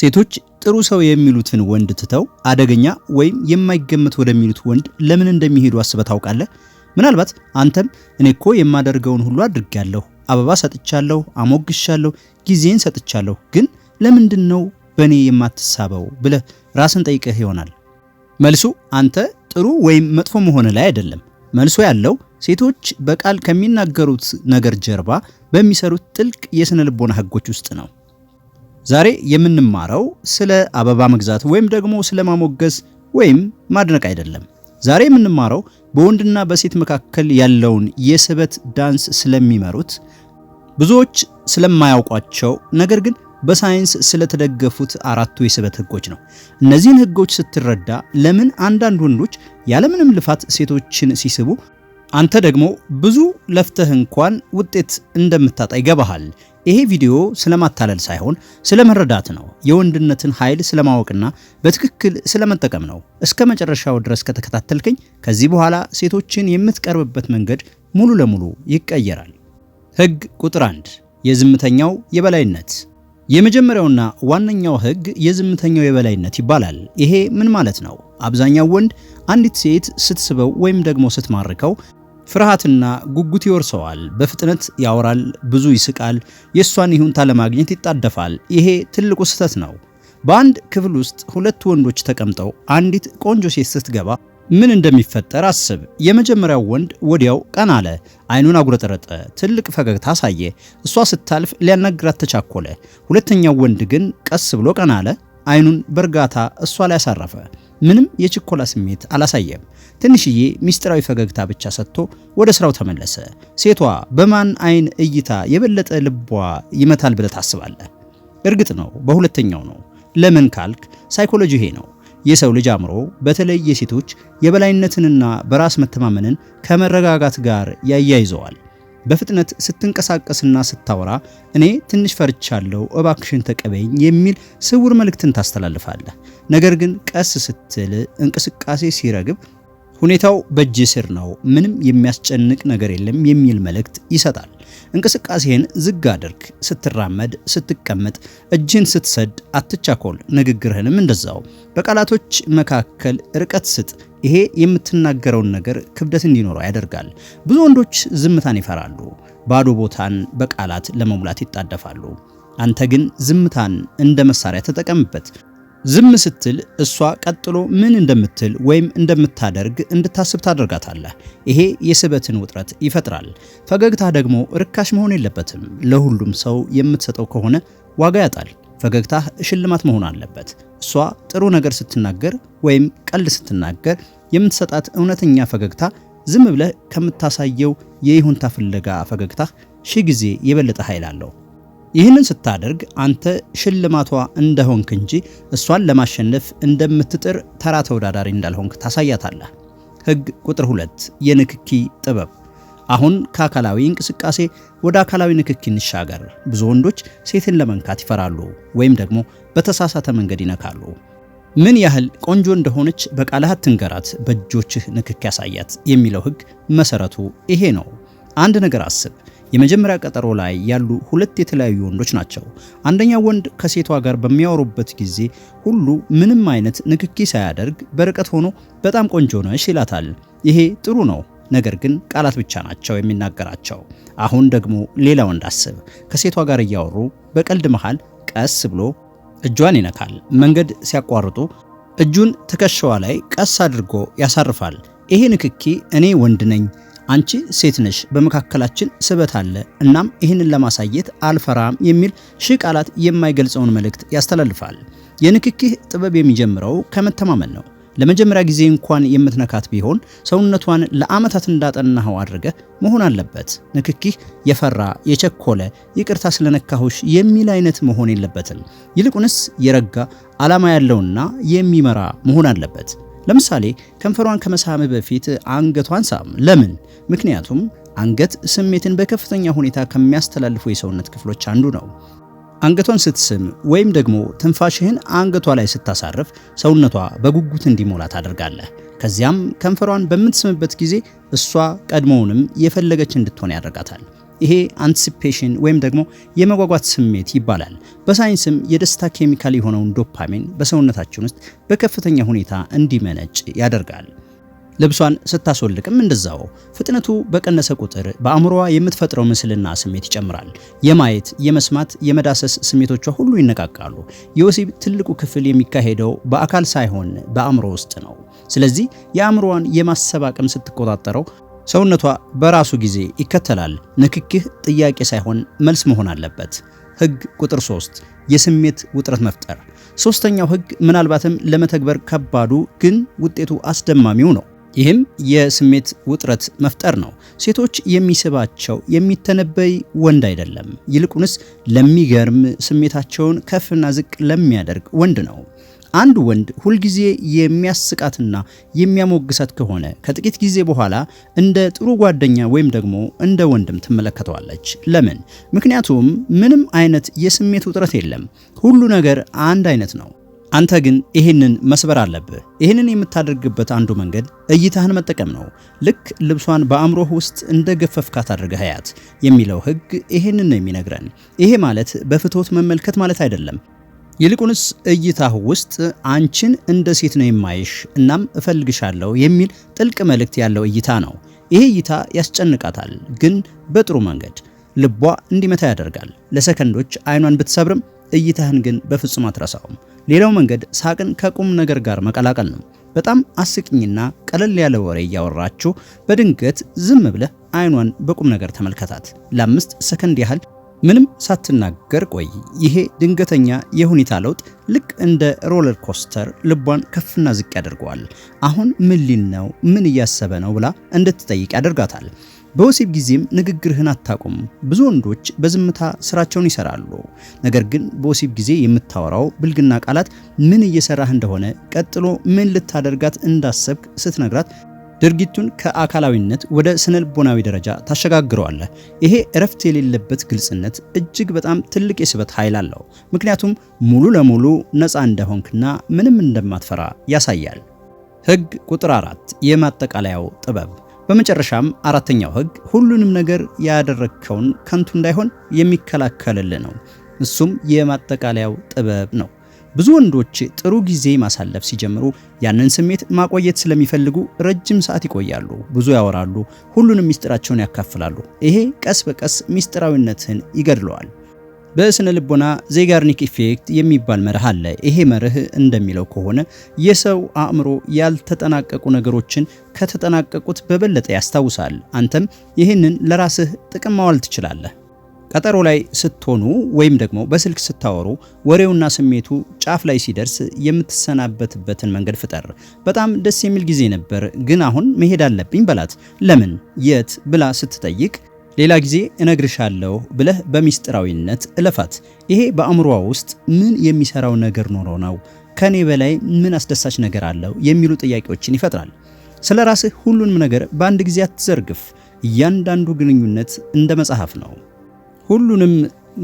ሴቶች ጥሩ ሰው የሚሉትን ወንድ ትተው አደገኛ ወይም የማይገመት ወደሚሉት ወንድ ለምን እንደሚሄዱ አስበህ ታውቃለህ? ምናልባት አንተም እኔ እኮ የማደርገውን ሁሉ አድርጌያለሁ፣ አበባ ሰጥቻለሁ፣ አሞግሻለሁ፣ ጊዜን ሰጥቻለሁ፣ ግን ለምንድን ነው በእኔ የማትሳበው ብለህ ራስን ጠይቀህ ይሆናል። መልሱ አንተ ጥሩ ወይም መጥፎ መሆን ላይ አይደለም። መልሱ ያለው ሴቶች በቃል ከሚናገሩት ነገር ጀርባ በሚሰሩት ጥልቅ የስነ ልቦና ህጎች ውስጥ ነው። ዛሬ የምንማረው ስለ አበባ መግዛት ወይም ደግሞ ስለ ማሞገስ ወይም ማድነቅ አይደለም። ዛሬ የምንማረው በወንድና በሴት መካከል ያለውን የስበት ዳንስ ስለሚመሩት ብዙዎች ስለማያውቋቸው ነገር ግን በሳይንስ ስለተደገፉት አራቱ የስበት ህጎች ነው። እነዚህን ህጎች ስትረዳ ለምን አንዳንድ ወንዶች ያለምንም ልፋት ሴቶችን ሲስቡ አንተ ደግሞ ብዙ ለፍተህ እንኳን ውጤት እንደምታጣ ይገባሃል። ይሄ ቪዲዮ ስለማታለል ሳይሆን ስለመረዳት ነው። የወንድነትን ኃይል ስለማወቅና በትክክል ስለመጠቀም ነው። እስከ መጨረሻው ድረስ ከተከታተልከኝ ከዚህ በኋላ ሴቶችን የምትቀርብበት መንገድ ሙሉ ለሙሉ ይቀየራል። ህግ ቁጥር አንድ የዝምተኛው የበላይነት የመጀመሪያውና ዋነኛው ህግ የዝምተኛው የበላይነት ይባላል። ይሄ ምን ማለት ነው? አብዛኛው ወንድ አንዲት ሴት ስትስበው ወይም ደግሞ ስትማርከው ፍርሃትና ጉጉት ይወርሰዋል። በፍጥነት ያወራል፣ ብዙ ይስቃል፣ የእሷን ይሁንታ ለማግኘት ይጣደፋል። ይሄ ትልቁ ስህተት ነው። በአንድ ክፍል ውስጥ ሁለት ወንዶች ተቀምጠው አንዲት ቆንጆ ሴት ስትገባ ምን እንደሚፈጠር አስብ። የመጀመሪያው ወንድ ወዲያው ቀና አለ፣ አይኑን አጉረጠረጠ፣ ትልቅ ፈገግታ አሳየ። እሷ ስታልፍ ሊያናግራት ተቻኮለ። ሁለተኛው ወንድ ግን ቀስ ብሎ ቀና አለ፣ አይኑን በእርጋታ እሷ ላይ አሳረፈ። ምንም የችኮላ ስሜት አላሳየም። ትንሽዬ ሚስጥራዊ ፈገግታ ብቻ ሰጥቶ ወደ ስራው ተመለሰ። ሴቷ በማን አይን እይታ የበለጠ ልቧ ይመታል ብለህ ታስባለህ? እርግጥ ነው በሁለተኛው ነው። ለምን ካልክ ሳይኮሎጂ ይሄ ነው። የሰው ልጅ አእምሮ በተለይ የሴቶች የበላይነትንና በራስ መተማመንን ከመረጋጋት ጋር ያያይዘዋል። በፍጥነት ስትንቀሳቀስና ስታወራ እኔ ትንሽ ፈርቻለሁ፣ እባክሽን ተቀበይኝ የሚል ስውር መልእክትን ታስተላልፋለህ። ነገር ግን ቀስ ስትል እንቅስቃሴ ሲረግብ ሁኔታው በእጅ ስር ነው፣ ምንም የሚያስጨንቅ ነገር የለም የሚል መልእክት ይሰጣል። እንቅስቃሴህን ዝግ አድርግ። ስትራመድ፣ ስትቀመጥ፣ እጅህን ስትሰድ አትቻኮል። ንግግርህንም እንደዛው። በቃላቶች መካከል ርቀት ስጥ። ይሄ የምትናገረውን ነገር ክብደት እንዲኖረው ያደርጋል። ብዙ ወንዶች ዝምታን ይፈራሉ፣ ባዶ ቦታን በቃላት ለመሙላት ይጣደፋሉ። አንተ ግን ዝምታን እንደ መሳሪያ ተጠቀምበት። ዝም ስትል እሷ ቀጥሎ ምን እንደምትል ወይም እንደምታደርግ እንድታስብ ታደርጋታለህ። ይሄ የስበትን ውጥረት ይፈጥራል። ፈገግታ ደግሞ ርካሽ መሆን የለበትም። ለሁሉም ሰው የምትሰጠው ከሆነ ዋጋ ያጣል። ፈገግታ ሽልማት መሆን አለበት። እሷ ጥሩ ነገር ስትናገር ወይም ቀልድ ስትናገር የምትሰጣት እውነተኛ ፈገግታ ዝም ብለህ ከምታሳየው የይሁንታ ፍለጋ ፈገግታ ሺ ጊዜ የበለጠ ኃይል አለው። ይህንን ስታደርግ አንተ ሽልማቷ እንደሆንክ እንጂ እሷን ለማሸነፍ እንደምትጥር ተራ ተወዳዳሪ እንዳልሆንክ ታሳያታለህ። ህግ ቁጥር ሁለት የንክኪ ጥበብ። አሁን ከአካላዊ እንቅስቃሴ ወደ አካላዊ ንክኪ እንሻገር። ብዙ ወንዶች ሴትን ለመንካት ይፈራሉ ወይም ደግሞ በተሳሳተ መንገድ ይነካሉ። ምን ያህል ቆንጆ እንደሆነች በቃልህ አትንገራት፣ በእጆችህ ንክኪ ያሳያት የሚለው ህግ መሰረቱ ይሄ ነው። አንድ ነገር አስብ። የመጀመሪያ ቀጠሮ ላይ ያሉ ሁለት የተለያዩ ወንዶች ናቸው። አንደኛው ወንድ ከሴቷ ጋር በሚያወሩበት ጊዜ ሁሉ ምንም አይነት ንክኪ ሳያደርግ በርቀት ሆኖ በጣም ቆንጆ ነሽ ይላታል። ይሄ ጥሩ ነው፣ ነገር ግን ቃላት ብቻ ናቸው የሚናገራቸው። አሁን ደግሞ ሌላ ወንድ አስብ። ከሴቷ ጋር እያወሩ በቀልድ መሃል ቀስ ብሎ እጇን ይነካል። መንገድ ሲያቋርጡ እጁን ትከሻዋ ላይ ቀስ አድርጎ ያሳርፋል። ይሄ ንክኪ እኔ ወንድ ነኝ አንቺ ሴት ነሽ፣ በመካከላችን ስበት አለ፣ እናም ይህንን ለማሳየት አልፈራም የሚል ሺህ ቃላት የማይገልጸውን መልእክት ያስተላልፋል። የንክኪህ ጥበብ የሚጀምረው ከመተማመን ነው። ለመጀመሪያ ጊዜ እንኳን የምትነካት ቢሆን ሰውነቷን ለዓመታት እንዳጠናኸው አድርገ መሆን አለበት። ንክኪህ የፈራ የቸኮለ ይቅርታ ስለነካሁሽ የሚል አይነት መሆን የለበትም። ይልቁንስ የረጋ ዓላማ ያለውና የሚመራ መሆን አለበት። ለምሳሌ ከንፈሯን ከመሳም በፊት አንገቷን ሳም። ለምን? ምክንያቱም አንገት ስሜትን በከፍተኛ ሁኔታ ከሚያስተላልፉ የሰውነት ክፍሎች አንዱ ነው። አንገቷን ስትስም ወይም ደግሞ ትንፋሽህን አንገቷ ላይ ስታሳርፍ ሰውነቷ በጉጉት እንዲሞላ ታደርጋለህ። ከዚያም ከንፈሯን በምትስምበት ጊዜ እሷ ቀድሞውንም የፈለገች እንድትሆን ያደርጋታል። ይሄ አንቲሲፔሽን ወይም ደግሞ የመጓጓት ስሜት ይባላል። በሳይንስም የደስታ ኬሚካል የሆነውን ዶፓሚን በሰውነታችን ውስጥ በከፍተኛ ሁኔታ እንዲመነጭ ያደርጋል። ልብሷን ስታስወልቅም እንደዛው ፍጥነቱ በቀነሰ ቁጥር በአእምሮዋ የምትፈጥረው ምስልና ስሜት ይጨምራል። የማየት፣ የመስማት፣ የመዳሰስ ስሜቶቿ ሁሉ ይነቃቃሉ። የወሲብ ትልቁ ክፍል የሚካሄደው በአካል ሳይሆን በአእምሮ ውስጥ ነው። ስለዚህ የአእምሮዋን የማሰብ አቅም ስትቆጣጠረው ሰውነቷ በራሱ ጊዜ ይከተላል። ንክክህ ጥያቄ ሳይሆን መልስ መሆን አለበት። ህግ ቁጥር 3 የስሜት ውጥረት መፍጠር። ሶስተኛው ህግ ምናልባትም ለመተግበር ከባዱ ግን ውጤቱ አስደማሚው ነው። ይህም የስሜት ውጥረት መፍጠር ነው። ሴቶች የሚስባቸው የሚተነበይ ወንድ አይደለም፣ ይልቁንስ ለሚገርም ስሜታቸውን ከፍና ዝቅ ለሚያደርግ ወንድ ነው። አንድ ወንድ ሁልጊዜ የሚያስቃትና የሚያሞግሳት ከሆነ ከጥቂት ጊዜ በኋላ እንደ ጥሩ ጓደኛ ወይም ደግሞ እንደ ወንድም ትመለከተዋለች። ለምን? ምክንያቱም ምንም አይነት የስሜት ውጥረት የለም። ሁሉ ነገር አንድ አይነት ነው። አንተ ግን ይህንን መስበር አለብህ። ይህንን የምታደርግበት አንዱ መንገድ እይታህን መጠቀም ነው። ልክ ልብሷን በአእምሮህ ውስጥ እንደ ገፈፍካት አድርገህ አያት የሚለው ህግ ይህንን ነው የሚነግረን። ይሄ ማለት በፍትወት መመልከት ማለት አይደለም። ይልቁንስ እይታህ ውስጥ አንቺን እንደ ሴት ነው የማይሽ እናም እፈልግሻለሁ የሚል ጥልቅ መልእክት ያለው እይታ ነው። ይሄ እይታ ያስጨንቃታል፣ ግን በጥሩ መንገድ ልቧ እንዲመታ ያደርጋል። ለሰከንዶች አይኗን ብትሰብርም እይታህን ግን በፍጹም አትረሳውም። ሌላው መንገድ ሳቅን ከቁም ነገር ጋር መቀላቀል ነው። በጣም አስቂኝና ቀለል ያለ ወሬ እያወራችሁ በድንገት ዝም ብለህ አይኗን በቁም ነገር ተመልከታት። ለአምስት ሰከንድ ያህል ምንም ሳትናገር ቆይ። ይሄ ድንገተኛ የሁኔታ ለውጥ ልክ እንደ ሮለር ኮስተር ልቧን ከፍና ዝቅ ያደርገዋል። አሁን ምን ሊል ነው? ምን እያሰበ ነው? ብላ እንድትጠይቅ ያደርጋታል። በወሲብ ጊዜም ንግግርህን አታቁም። ብዙ ወንዶች በዝምታ ስራቸውን ይሰራሉ። ነገር ግን በወሲብ ጊዜ የምታወራው ብልግና ቃላት ምን እየሰራህ እንደሆነ፣ ቀጥሎ ምን ልታደርጋት እንዳሰብክ ስትነግራት ድርጊቱን ከአካላዊነት ወደ ስነልቦናዊ ደረጃ ታሸጋግረዋለህ። ይሄ እረፍት የሌለበት ግልጽነት እጅግ በጣም ትልቅ የስበት ኃይል አለው፣ ምክንያቱም ሙሉ ለሙሉ ነፃ እንደሆንክና ምንም እንደማትፈራ ያሳያል። ህግ ቁጥር አራት የማጠቃለያው ጥበብ። በመጨረሻም አራተኛው ህግ ሁሉንም ነገር ያደረግከውን ከንቱ እንዳይሆን የሚከላከልልህ ነው። እሱም የማጠቃለያው ጥበብ ነው። ብዙ ወንዶች ጥሩ ጊዜ ማሳለፍ ሲጀምሩ ያንን ስሜት ማቆየት ስለሚፈልጉ ረጅም ሰዓት ይቆያሉ፣ ብዙ ያወራሉ፣ ሁሉንም ሚስጥራቸውን ያካፍላሉ። ይሄ ቀስ በቀስ ሚስጥራዊነትን ይገድለዋል። በስነ ልቦና ዜጋርኒክ ኢፌክት የሚባል መርህ አለ። ይሄ መርህ እንደሚለው ከሆነ የሰው አእምሮ ያልተጠናቀቁ ነገሮችን ከተጠናቀቁት በበለጠ ያስታውሳል። አንተም ይህንን ለራስህ ጥቅም ማዋል ትችላለህ። ቀጠሮ ላይ ስትሆኑ ወይም ደግሞ በስልክ ስታወሩ ወሬውና ስሜቱ ጫፍ ላይ ሲደርስ የምትሰናበትበትን መንገድ ፍጠር። በጣም ደስ የሚል ጊዜ ነበር፣ ግን አሁን መሄድ አለብኝ በላት። ለምን የት ብላ ስትጠይቅ ሌላ ጊዜ እነግርሻለሁ ብለህ በሚስጥራዊነት እለፋት። ይሄ በአእምሯ ውስጥ ምን የሚሰራው ነገር ኖሮ ነው? ከኔ በላይ ምን አስደሳች ነገር አለው? የሚሉ ጥያቄዎችን ይፈጥራል። ስለ ራስህ ሁሉንም ነገር በአንድ ጊዜ አትዘርግፍ። እያንዳንዱ ግንኙነት እንደ መጽሐፍ ነው። ሁሉንም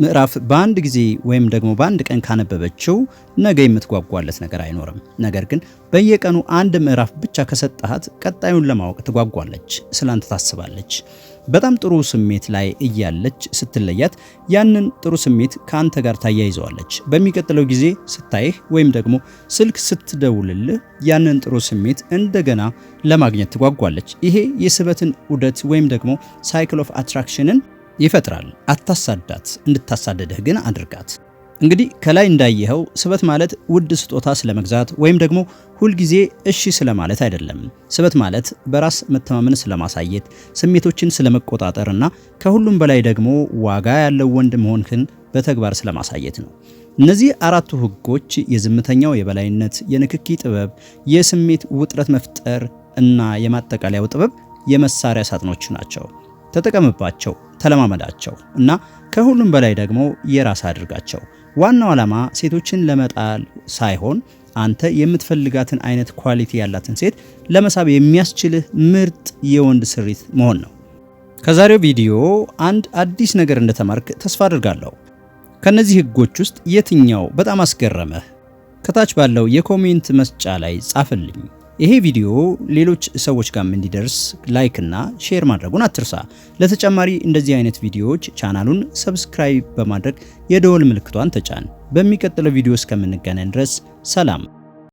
ምዕራፍ በአንድ ጊዜ ወይም ደግሞ በአንድ ቀን ካነበበችው ነገ የምትጓጓለት ነገር አይኖርም። ነገር ግን በየቀኑ አንድ ምዕራፍ ብቻ ከሰጠሃት ቀጣዩን ለማወቅ ትጓጓለች፣ ስላንተ ታስባለች። በጣም ጥሩ ስሜት ላይ እያለች ስትለያት ያንን ጥሩ ስሜት ከአንተ ጋር ታያይዘዋለች። በሚቀጥለው ጊዜ ስታይህ ወይም ደግሞ ስልክ ስትደውልልህ ያንን ጥሩ ስሜት እንደገና ለማግኘት ትጓጓለች። ይሄ የስበትን ዑደት ወይም ደግሞ ሳይክል ኦፍ አትራክሽንን ይፈጥራል። አታሳዳት፣ እንድታሳደድህ ግን አድርጋት። እንግዲህ ከላይ እንዳየኸው ስበት ማለት ውድ ስጦታ ስለመግዛት ወይም ደግሞ ሁልጊዜ እሺ ስለማለት አይደለም። ስበት ማለት በራስ መተማመን ስለማሳየት፣ ስሜቶችን ስለመቆጣጠር እና ከሁሉም በላይ ደግሞ ዋጋ ያለው ወንድ መሆንህን በተግባር ስለማሳየት ነው። እነዚህ አራቱ ህጎች የዝምተኛው የበላይነት፣ የንክኪ ጥበብ፣ የስሜት ውጥረት መፍጠር እና የማጠቃለያው ጥበብ የመሳሪያ ሳጥኖች ናቸው። ተጠቀምባቸው። ተለማመዳቸው እና ከሁሉም በላይ ደግሞ የራስ አድርጋቸው። ዋናው ዓላማ ሴቶችን ለመጣል ሳይሆን አንተ የምትፈልጋትን አይነት ኳሊቲ ያላትን ሴት ለመሳብ የሚያስችልህ ምርጥ የወንድ ስሪት መሆን ነው። ከዛሬው ቪዲዮ አንድ አዲስ ነገር እንደተማርክ ተስፋ አድርጋለሁ። ከነዚህ ህጎች ውስጥ የትኛው በጣም አስገረመህ? ከታች ባለው የኮሜንት መስጫ ላይ ጻፍልኝ። ይሄ ቪዲዮ ሌሎች ሰዎች ጋርም እንዲደርስ ላይክ እና ሼር ማድረጉን አትርሳ። ለተጨማሪ እንደዚህ አይነት ቪዲዮዎች ቻናሉን ሰብስክራይብ በማድረግ የደወል ምልክቷን ተጫን። በሚቀጥለው ቪዲዮ እስከምንገናኝ ድረስ ሰላም።